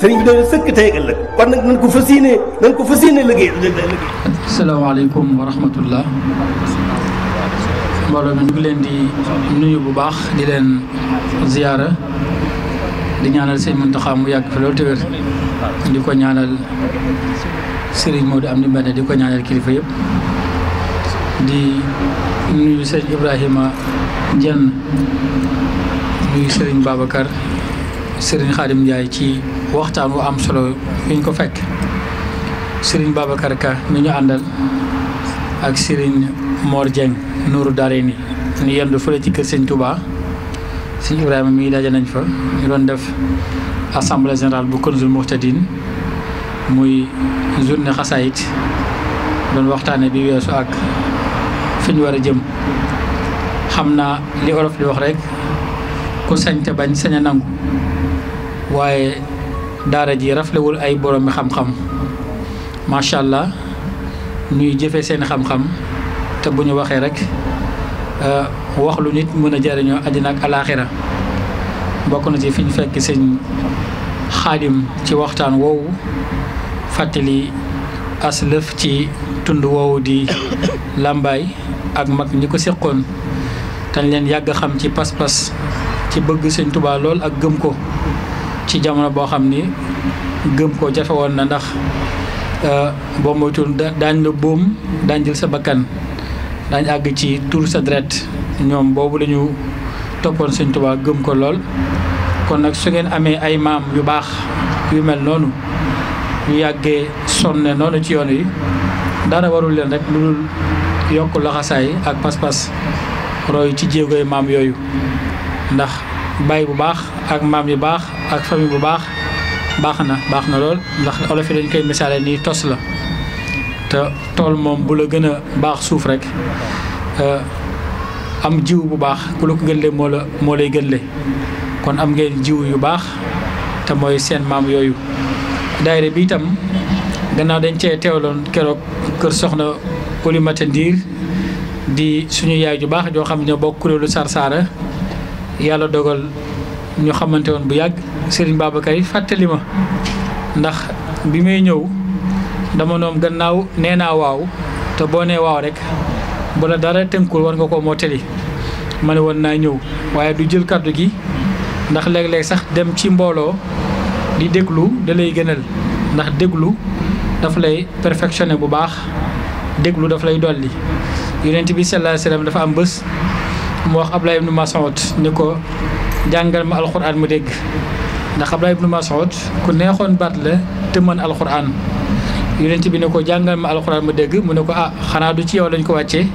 sëriñ bi daal sëkk tey ëllëg kon nag nañ ko fas yéenee nañ ko fas yéenee liggéey liggéey. ngi leen di nuyu bu baax di leen ziyaara di ñaanal sëñ Muntaxa mu yàgg fi loolu te di ko ñaanal sëriñ Modou Amdi Mbène di ko ñaanal kilifa yëpp di nuyu sëñ Ibrahima Dieng nuyu sëriñ Babacar. sëriñ Xaadim Ndiaye ci waxtaan wu am solo yu ko fekk sëriñ Babacar Ka ni ñu àndal ak sëriñ Mor Dieng Nourou Darayni ñu yendu fële ci kër sëñ Touba sëñ Ibrahima mi daje nañ fa ñu doon def assemblée générale bu Kanzul Muhtadin muy journée xasaayit doon waxtaane bi weesu ak fi ñu war a jëm xam na li olof di wax rek ku sañ te bañ sañ nangu waaye daara ji raflewul ay boroomi xam-xam macha allah ñuy jëfe seen xam-xam te bu ñu waxee rek euh, wax lu nit mën a jariñoo àddina ak alaaxira bokk na ci fi ñu fekk sëñ xaadim ci waxtaan woowu fàttali aslëf ci tund woowu di làmbaay ak mag ñi ko seqoon tañ leen yàgg xam ci pas-pas ci bëgg sëñ Tuubaa lool ak gëm ko ci jamono boo xam ni gëm ko jafe na ndax euh, boo moytul daañ la boom daañ jël sa bakkan daañ àgg ci tuur sa deret ñoom boobu lañu toppoon Sëñ Tuubaa gëm ko lool kon nag su ngeen amee ay maam yu baax yu mel noonu yu yàggee sonne noonu ci yoon yi dara warul leen rek lu dul yokk laxasaay ak pas-pas roy ci jéegoy maam yooyu ndax baay bu baax ak maam yu baax ak famille bu baax baax na baax na lool ndax olof yi dañ koy misaale nii tos la te tool moom bu la gën a baax suuf rek euh, am jiw bu baax ku la ko gën le moo la moo lay gën le kon am ngeen jiw yu baax te mooy seen maam yooyu daayira bi itam gannaaw dañ cee teewloon keroog kër soxna Oulimata Ndiir di suñu yaay ju baax joo xam ne bokk kuréelu Sarsara yàlla dogal ñu xamante woon bu yàgg Serigne Babacar kay fàttali ma ndax bi may ñëw dama noom gannaaw nee naa waaw te boo nee waaw rek bu la dara tënkul war nga ko mottali ma ne woon naa ñëw waaye du jël kàddu gi ndax léeg-léeg sax dem ci mbooloo di déglu da lay gënal ndax déglu dafa lay perfectionne bu baax déglu dafa lay dolli yonent bi sallallahu alayhi wasallam dafa am bés mu wax Abdullah ibnu Mas'ud ni ko jàngal ma alxuraan mu dégg ndax Abdullah ibnu Mas'ud ku neexoon baat la te mën alxuraan yonent bi ne ko jàngal ma alxuraan mu dégg mu ne ko ah xanaa du ci yow lañ ko wàccee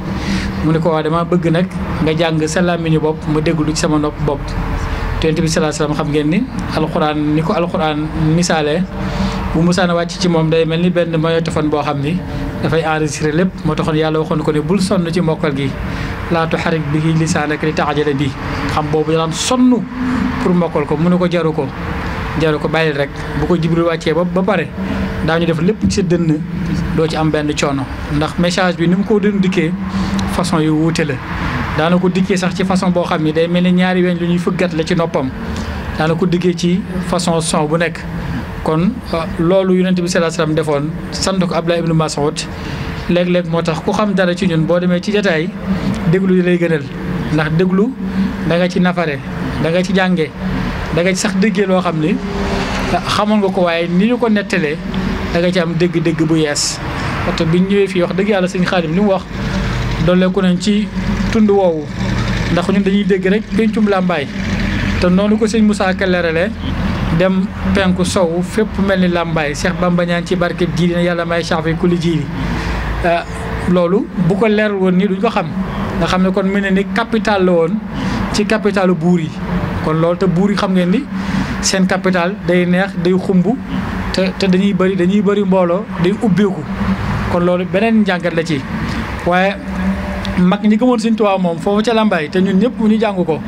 mu ne ko waa dama bëgg nag nga jàng sa làmmiñu bopp mu déglu ci sama nopp bopp yonent bi sallallahu alayhi wasallam xam ngeen ni alxuraan ni ko alxuraan misaale bu musaana wàcc ci moom day mel ni benn mayotéphone boo xam ni dafay enregistré lépp moo taxoon yàlla waxoon ko ne bul sonn ci mokkal gi laa tuharrik bihi lisaanaka li ta'jala bi xam boobu daan sonn pour mokkal ko mu ne ko jaru ko jaru ko bàyyil rek bu ko jibril wàccee ba ba pare daa ñu def lépp ci sa dënn doo ci am benn coono ndax message bi ni mu ko doon dikkee façon yu wuute la daana ko dikkee sax ci façon boo xam ni day mel ni ñaari weñ lu ñuy fëggat la ci noppam daana ko dikkee ci façon son bu nekk kon euh, loolu yonent bi sallallahu alayhi wasallam defoon sant ko Abdullah ibnu Mas'ud léeg-léeg moo tax ku xam dara ci ñun boo demee ci jataay déglu lay gënal ndax déglu da nga ci nafare da nga ci jànge da nga ci sax déggee loo xam ni ah, xamoon nga ko waaye ni ñu ko nettalee da nga ci am dégg-dégg bu yees oto biñ ñëwee fii wax dëgg yàlla sëñ Xaadim li mu wax dolleeku nañ ci tund woowu ndax ñu dañuy dégg rek pencum làmbaay te noonu ko sëñ Moussa Ka leerale dem penk soow fépp mel ni làmbaay Cheikh Bamba ñaan ci barkeb jiiri na yàlla may caafe ku li jiiri loolu bu ko leer woon nii duñ ko xam nga xam ne kon mel ne ni capital la woon ci capitalu buur yi kon loolu te buur yi xam ngeen ni seen capital day neex day xumb te te dañuy bëri dañuy bëri mbooloo day ubbeeku kon loolu beneen njàngat la ci waaye mag ñi gëmoon Sëñ Tuubaa moom foofu ca làmbaay te ñun ñëpp ñu jàng ko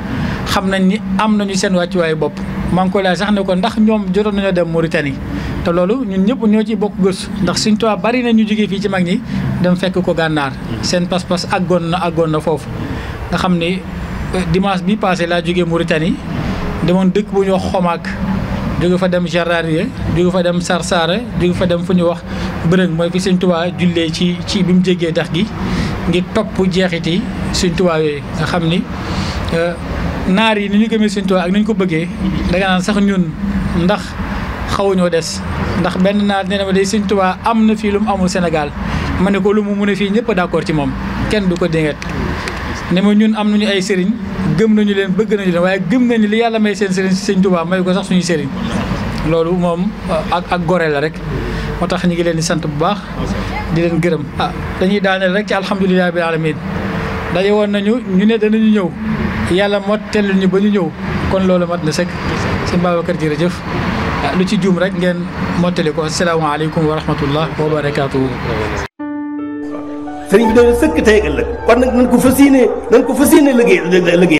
xam nañ ni am nañu seen wàccuwaay bopp maa ngi sax ne ko ndax ñoom jotoon nañoo dem Mauritanie te loolu ñun ñëpp ñoo ci bokk gëstu ndax Sëñ Tuubaa bari na ñu jógee fii ci mag ñi dem fekk ko gànnaar seen pas-pas àggoon na àggoon na foofu nga xam ni euh, dimanche bi passé laa jógee Mauritanie demoon dëkk bu ñu wax xomaak jóge fa dem Jararie jóge fa dem Sarsara jóge fa dem fu ñu wax bërëng mooy fi Sëñ Tuubaa jullee ci ci bi mu jegee dex gi ngir topp jeexiti Sëñ Tuubaa yooyu nga xam ni euh, naar yi ni ñu gëmee Sëñ Tuubaa ak ni ñu ko bëggee da nga naan sax ñun ndax xawuñoo des ndax benn naar nee na day Sëñ am na fii lu mu amul Sénégal ma ne ko lu mu mun a fii ñëpp d'accord ci moom kenn du ko déngat ne ma ñun am nañu ay sëriñ gëm nañu leen bëgg nañu leen waaye gëm nañu li yàlla may seen sëriñ si Sëñ Tuubaa may ko sax suñuy sëriñ loolu moom ak ak gore rek moo tax ñu ngi leen di sant bu baax di leen gërëm ah dañuy daaneel rek ci alhamdulilah bil alamin daje woon nañu ñu ne danañu ñëw yàlla mottal ñu ba ñu ñëw kon loolu mat na sëkk sëñ Babacar jërëjëf ah, lu ci juum rek ngeen mottali ko asalaamaaleykum wa rahmatullah wa barakaatuhu. sëriñ bi de sëkk tey ëllëg kon nag nañ ko fas yéene nañ ko fas yéene liggéey liggéey